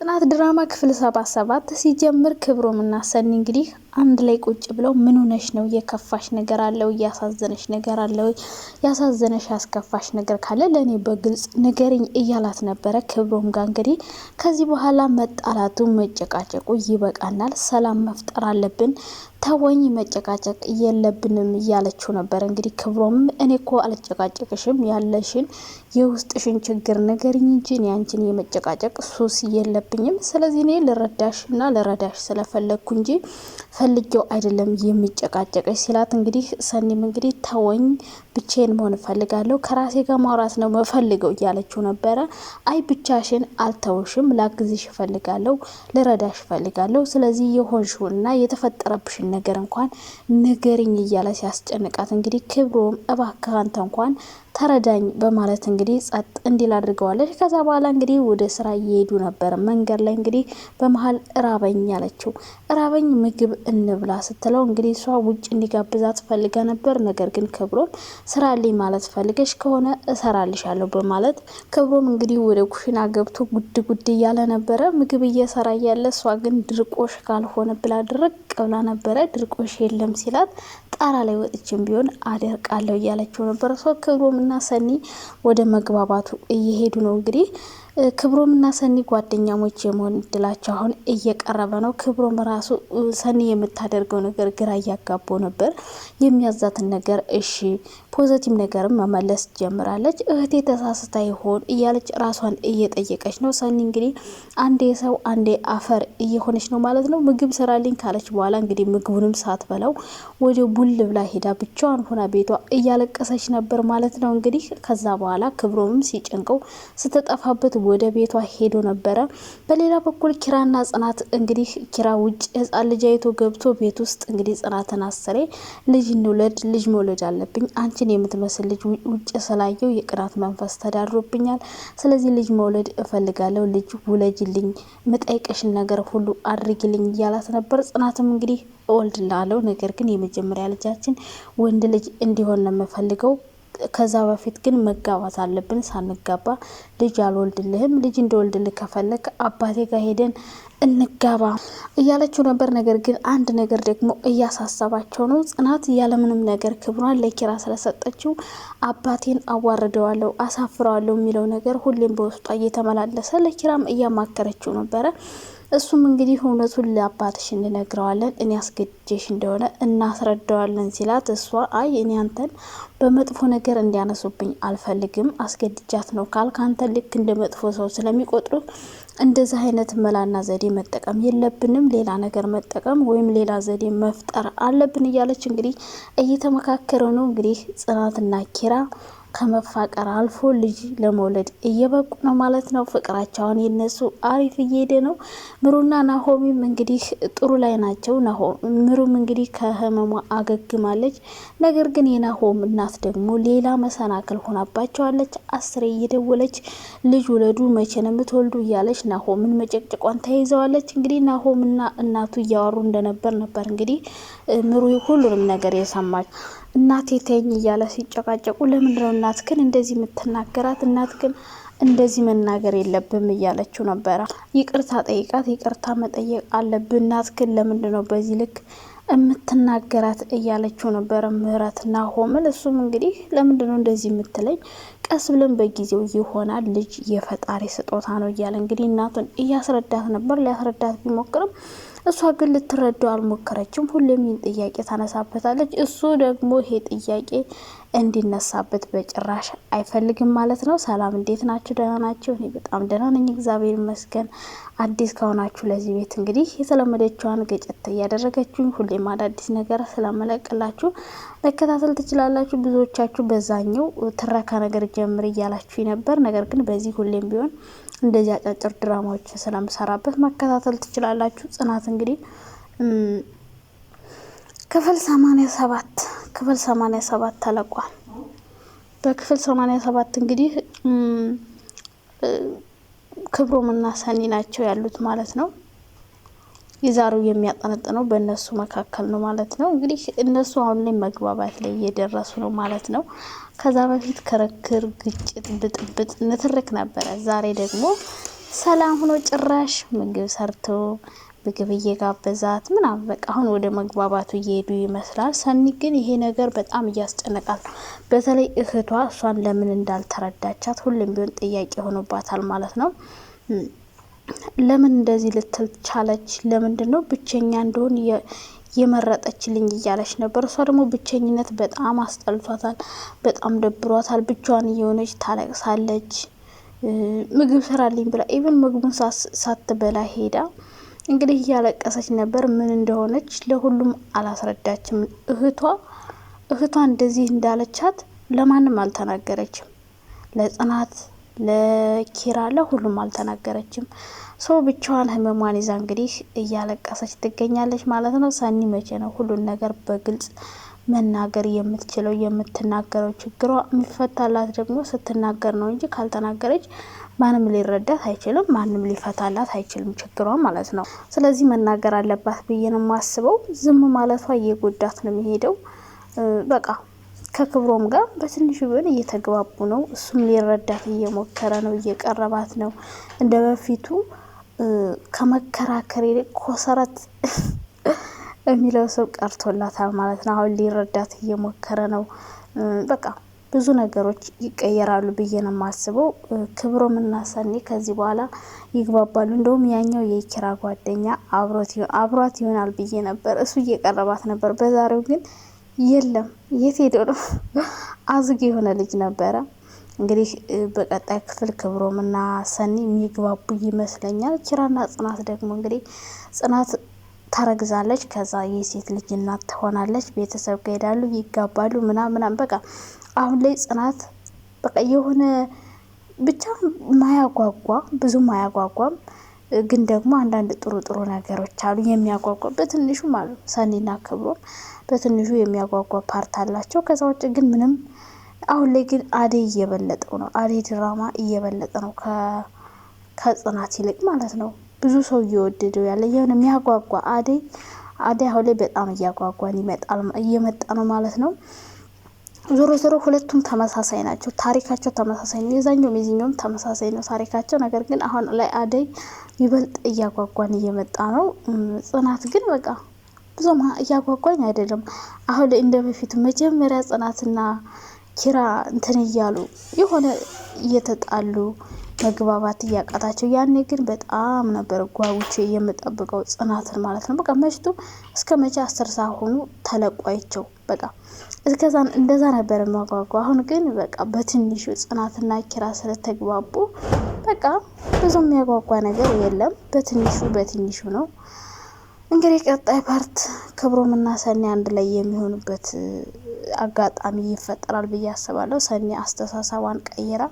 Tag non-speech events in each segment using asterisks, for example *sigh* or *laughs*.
ጽናት ድራማ ክፍል ሰባ ሰባት ሲጀምር ክብሮም እና ሰኒ እንግዲህ አንድ ላይ ቁጭ ብለው ምን ሆነሽ ነው? የከፋሽ ነገር አለው? እያሳዘነሽ ነገር አለው? ያሳዘነሽ ያስከፋሽ ነገር ካለ ለእኔ በግልጽ ንገሪኝ እያላት ነበረ። ክብሮም ጋር እንግዲህ ከዚህ በኋላ መጣላቱ መጨቃጨቁ ይበቃናል፣ ሰላም መፍጠር አለብን፣ ተወኝ፣ መጨቃጨቅ የለብንም እያለችው ነበር። እንግዲህ ክብሮም እኔ እኮ አልጨቃጨቅሽም፣ ያለሽን የውስጥሽን ችግር ንገሪኝ እንጂ ያንቺን የመጨቃጨቅ ሱስ የለብን የለብኝም። ስለዚህ እኔ ልረዳሽ እና ልረዳሽ ስለፈለግኩ እንጂ ፈልጌው አይደለም የሚጨቃጨቀች ሲላት፣ እንግዲህ ሰኒም እንግዲህ ተወኝ፣ ብቻዬን መሆን እፈልጋለሁ፣ ከራሴ ጋር ማውራት ነው መፈልገው እያለችው ነበረ። አይ ብቻሽን አልተውሽም፣ ላግዝሽ እፈልጋለሁ፣ ልረዳሽ እፈልጋለሁ። ስለዚህ የሆንሽውን እና የተፈጠረብሽን ነገር እንኳን ንገሪኝ እያለ ሲያስጨንቃት እንግዲህ ክብሮም እባክህ አንተ እንኳን ተረዳኝ በማለት እንግዲህ ጸጥ እንዲል አድርገዋለች። ከዛ በኋላ እንግዲህ ወደ ስራ እየሄዱ ነበር። መንገድ ላይ እንግዲህ በመሀል እራበኝ አለችው። እራበኝ ምግብ እንብላ ስትለው እንግዲህ እሷ ውጭ እንዲጋብዛት ፈልጋ ነበር። ነገር ግን ክብሮም ስራ ማለት ፈልገሽ ከሆነ እሰራልሻለሁ በማለት ክብሮም እንግዲህ ወደ ኩሽና ገብቶ ጉድ ጉድ እያለ ነበረ። ምግብ እየሰራ እያለ እሷ ግን ድርቆሽ ካልሆነ ብላ ድርቅ ብላ ነበረ። ድርቆሽ የለም ሲላት ጣራ ላይ ወጥቼም ቢሆን አደርቃለሁ እያለችው ነበር። ሰው ክብሮም እና ሰኒ ወደ መግባባቱ እየሄዱ ነው እንግዲህ ክብሮም እና ሰኒ ጓደኛሞች የመሆን እድላቸው አሁን እየቀረበ ነው። ክብሮም ራሱ ሰኒ የምታደርገው ነገር ግራ እያጋባው ነበር። የሚያዛትን ነገር እሺ፣ ፖዘቲቭ ነገርም መመለስ ጀምራለች። እህቴ ተሳስታ ይሆን እያለች ራሷን እየጠየቀች ነው። ሰኒ እንግዲህ አንዴ ሰው አንዴ አፈር እየሆነች ነው ማለት ነው። ምግብ ስራልኝ ካለች በኋላ እንግዲህ ምግቡንም ሳትበላው ወደ ቡል ብላ ሄዳ ብቻዋን ሆና ቤቷ እያለቀሰች ነበር ማለት ነው። እንግዲህ ከዛ በኋላ ክብሮምም ሲጨንቀው ስተጠፋበት ወደ ቤቷ ሄዶ ነበረ። በሌላ በኩል ኪራና ጽናት እንግዲህ ኪራ ውጭ ህፃን ልጅ አይቶ ገብቶ ቤት ውስጥ እንግዲህ ጽናትን አስሬ ልጅ እንውለድ፣ ልጅ መውለድ አለብኝ፣ አንቺን የምትመስል ልጅ ውጭ ስላየው የቅናት መንፈስ ተዳድሮብኛል። ስለዚህ ልጅ መውለድ እፈልጋለሁ፣ ልጅ ውለጅልኝ፣ ምጠይቅሽን ነገር ሁሉ አድርጊልኝ እያላት ነበር። ጽናትም እንግዲህ ላለው ነገር ግን የመጀመሪያ ልጃችን ወንድ ልጅ እንዲሆን ነው የምፈልገው ከዛ በፊት ግን መጋባት አለብን። ሳንጋባ ልጅ አልወልድልህም፣ ልጅ እንደወልድልህ ከፈለግ አባቴ ጋር ሄደን እንጋባ እያለችው ነበር። ነገር ግን አንድ ነገር ደግሞ እያሳሰባቸው ነው። ጽናት ያለምንም ነገር ክብሯን ለኪራ ስለሰጠችው አባቴን አዋርደዋለሁ፣ አሳፍረዋለሁ የሚለው ነገር ሁሌም በውስጧ እየተመላለሰ ለኪራም እያማከረችው ነበረ። እሱም እንግዲህ እውነቱን ለአባትሽ እንነግረዋለን እኔ አስገድጄሽ እንደሆነ እናስረዳዋለን ሲላት፣ እሷ አይ እኔ አንተን በመጥፎ ነገር እንዲያነሱብኝ አልፈልግም፣ አስገድጃት ነው ካል ከአንተ ልክ እንደ መጥፎ ሰው ስለሚቆጥሩ እንደዚህ አይነት መላና ዘዴ መጠቀም የለብንም፣ ሌላ ነገር መጠቀም ወይም ሌላ ዘዴ መፍጠር አለብን እያለች እንግዲህ እየተመካከረ ነው እንግዲህ ጽናትና ኪራ ከመፋቀር አልፎ ልጅ ለመውለድ እየበቁ ነው ማለት ነው። ፍቅራቸውን የነሱ አሪፍ እየሄደ ነው። ምሩና ናሆሚም እንግዲህ ጥሩ ላይ ናቸው። ምሩም እንግዲህ ከህመሟ አገግማለች። ነገር ግን የናሆም እናት ደግሞ ሌላ መሰናክል ሆናባቸዋለች። አስሬ እየደወለች ልጅ ውለዱ፣ መቼ ነው የምትወልዱ እያለች ናሆምን መጨቅጭቋን ተይዘዋለች። እንግዲህ ናሆምና እናቱ እያወሩ እንደነበር ነበር እንግዲህ ምሩ ሁሉንም ነገር የሰማች እናቴ ተኝ እያለ ሲጨቃጨቁ ለምንድነው እናት ግን እንደዚህ የምትናገራት? እናት ግን እንደዚህ መናገር የለብም እያለችው ነበረ። ይቅርታ ጠይቃት፣ ይቅርታ መጠየቅ አለብን። እናት ግን ለምንድነው በዚህ ልክ የምትናገራት እያለችው ነበረ። ምህረት ናሆምን እሱም እንግዲህ ለምንድነው እንደዚህ የምትለኝ? ቀስ ብለን በጊዜው ይሆናል፣ ልጅ የፈጣሪ ስጦታ ነው እያለ እንግዲህ እናቱን እያስረዳት ነበር። ሊያስረዳት ቢሞክርም እሷ ግን ልትረዳው አልሞከረችም። ሁሌም ይህን ጥያቄ ታነሳበታለች። እሱ ደግሞ ይሄ ጥያቄ እንዲነሳበት በጭራሽ አይፈልግም ማለት ነው። ሰላም እንዴት ናችሁ? ደህና ናቸው። እኔ በጣም ደህና ነኝ፣ እግዚአብሔር ይመስገን። አዲስ ከሆናችሁ ለዚህ ቤት እንግዲህ የተለመደችዋን ገጨት እያደረገችኝ ሁሌም አዳዲስ ነገር ስለመለቅላችሁ መከታተል ትችላላችሁ። ብዙዎቻችሁ በዛኛው ትረካ ነገር ጀምር እያላችሁ ነበር። ነገር ግን በዚህ ሁሌም ቢሆን እንደዚህ አጫጭር ድራማዎች ስለምሰራበት መከታተል ትችላላችሁ። ጽናት እንግዲህ ክፍል ሰማንያ ሰባት ክፍል ሰማንያ ሰባት ተለቋል። በክፍል ሰማንያ ሰባት እንግዲህ ክብሮም እና ሰኒ ናቸው ያሉት ማለት ነው። የዛሬው የሚያጠነጥነው በእነሱ መካከል ነው ማለት ነው። እንግዲህ እነሱ አሁን ላይ መግባባት ላይ እየደረሱ ነው ማለት ነው። ከዛ በፊት ክርክር፣ ግጭት፣ ብጥብጥ፣ ንትርክ ነበረ። ዛሬ ደግሞ ሰላም ሆኖ ጭራሽ ምግብ ሰርቶ ምግብ እየጋበዛት ምናምን በቃ አሁን ወደ መግባባቱ እየሄዱ ይመስላል። ሰኒ ግን ይሄ ነገር በጣም እያስጨነቃል ነው። በተለይ እህቷ እሷን ለምን እንዳልተረዳቻት ሁሉም ቢሆን ጥያቄ ሆኖባታል ማለት ነው። ለምን እንደዚህ ልትል ቻለች? ለምንድን ነው ብቸኛ እንደሆን የመረጠችልኝ እያለች ነበር። እሷ ደግሞ ብቸኝነት በጣም አስጠልቷታል፣ በጣም ደብሯታል። ብቻዋን እየሆነች ታለቅሳለች። ምግብ ስራልኝ ብላ ኢቨን ምግቡን ሳትበላ ሄዳ እንግዲህ እያለቀሰች ነበር። ምን እንደሆነች ለሁሉም አላስረዳችም። እህቷ እህቷ እንደዚህ እንዳለቻት ለማንም አልተናገረችም ለጽናት ለኪራ ለሁሉም አልተናገረችም። ሰው ብቻዋን ህመሟን ይዛ እንግዲህ እያለቀሰች ትገኛለች ማለት ነው። ሰኒ መቼ ነው ሁሉን ነገር በግልጽ መናገር የምትችለው? የምትናገረው ችግሯ የሚፈታላት ደግሞ ስትናገር ነው እንጂ ካልተናገረች ማንም ሊረዳት አይችልም፣ ማንም ሊፈታላት አይችልም ችግሯ ማለት ነው። ስለዚህ መናገር አለባት ብዬ ነው የማስበው። ዝም ማለቷ እየጎዳት ነው የሚሄደው በቃ ከክብሮም ጋር በትንሹ ቢሆን እየተግባቡ ነው። እሱም ሊረዳት እየሞከረ ነው፣ እየቀረባት ነው። እንደ በፊቱ ከመከራከር ይልቅ ኮሰረት *laughs* የሚለው ሰው ቀርቶላታል ማለት ነው። አሁን ሊረዳት እየሞከረ ነው። በቃ ብዙ ነገሮች ይቀየራሉ ብዬ ነው የማስበው። ክብሮም እና ሰኔ ከዚህ በኋላ ይግባባሉ። እንደውም ያኛው የኪራ ጓደኛ አብሯት ይሆናል ብዬ ነበር። እሱ እየቀረባት ነበር። በዛሬው ግን የለም የት ሄዶ ነው? አዝግ የሆነ ልጅ ነበረ። እንግዲህ በቀጣይ ክፍል ክብሮምና ሰኒ የሚግባቡ ይመስለኛል። ኪራና ጽናት ደግሞ እንግዲህ ጽናት ታረግዛለች። ከዛ የሴት ልጅ እናት ትሆናለች። ቤተሰብ ከሄዳሉ ይጋባሉ፣ ምናምን ምናምን። በቃ አሁን ላይ ጽናት በቃ የሆነ ብቻ ማያጓጓ ብዙም ማያጓጓም ግን ደግሞ አንዳንድ ጥሩ ጥሩ ነገሮች አሉ የሚያጓጓ በትንሹ አሉ። ሰኔና ክብሮም በትንሹ የሚያጓጓ ፓርት አላቸው። ከዛ ውጭ ግን ምንም አሁን ላይ ግን አዴ እየበለጠው ነው። አዴ ድራማ እየበለጠ ነው ከጽናት ይልቅ ማለት ነው። ብዙ ሰው እየወደደው ያለ የሆነ የሚያጓጓ አዴ አዴ አሁን ላይ በጣም እያጓጓን ይመጣል እየመጣ ነው ማለት ነው። ዞሮ ዞሮ ሁለቱም ተመሳሳይ ናቸው። ታሪካቸው ተመሳሳይ ነው። የዛኛውም የዚኛውም ተመሳሳይ ነው ታሪካቸው። ነገር ግን አሁን ላይ አደይ ይበልጥ እያጓጓን እየመጣ ነው። ጽናት ግን በቃ ብዙም እያጓጓኝ አይደለም። አሁን ላይ እንደ በፊቱ መጀመሪያ ጽናትና ኪራ እንትን እያሉ የሆነ እየተጣሉ መግባባት እያቃታቸው፣ ያኔ ግን በጣም ነበር ጓጉቼ የምጠብቀው ጽናትን ማለት ነው። በቃ መሽቱ እስከ መቼ አስር ሰዓት ሆኑ ተለቋይቸው በቃ እስከዛን እንደዛ ነበር መጓጓ። አሁን ግን በቃ በትንሹ ጽናትና ኪራ ስለተግባቡ በቃ ብዙ የሚያጓጓ ነገር የለም። በትንሹ በትንሹ ነው እንግዲህ ቀጣይ ፓርት ክብሮም እና ሰኒ አንድ ላይ የሚሆኑበት አጋጣሚ ይፈጠራል ብዬ አስባለሁ። ሰኒ አስተሳሰቧን ቀይራ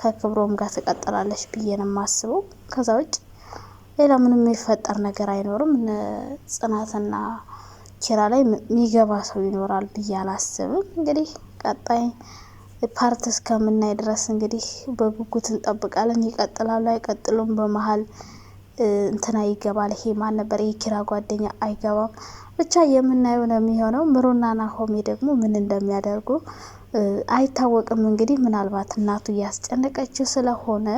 ከክብሮም ጋር ትቀጥላለች ብዬ ነው የማስበው። ከዛ ውጭ ሌላ ምንም የሚፈጠር ነገር አይኖርም። ጽናትና ኪራ ላይ የሚገባ ሰው ይኖራል ብዬ አላስብም። እንግዲህ ቀጣይ ፓርት እስከምናይ ድረስ እንግዲህ በጉጉት እንጠብቃለን። ይቀጥላሉ አይቀጥሉም? በመሀል እንትና ይገባል። ይሄ ማን ነበር? ይሄ ኪራ ጓደኛ አይገባም። ብቻ የምናየው ነው የሚሆነው። ምሩና ናሆሜ ደግሞ ምን እንደሚያደርጉ አይታወቅም እንግዲህ ምናልባት እናቱ እያስጨነቀችው ስለሆነ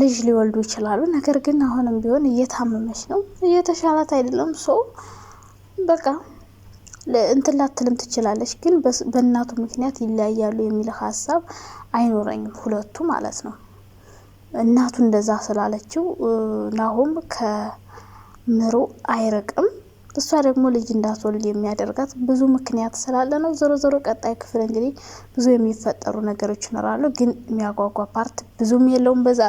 ልጅ ሊወልዱ ይችላሉ። ነገር ግን አሁንም ቢሆን እየታመመች ነው፣ እየተሻላት አይደለም። ሶ በቃ እንትን ላትልም ትችላለች፣ ግን በእናቱ ምክንያት ይለያያሉ የሚል ሀሳብ አይኖረኝም ሁለቱ ማለት ነው። እናቱ እንደዛ ስላለችው ናሆም ከምሩ አይርቅም። እሷ ደግሞ ልጅ እንዳትወልድ የሚያደርጋት ብዙ ምክንያት ስላለ ነው። ዞሮ ዞሮ ቀጣይ ክፍል እንግዲህ ብዙ የሚፈጠሩ ነገሮች ይኖራሉ። ግን የሚያጓጓ ፓርት ብዙም የለውም በዛ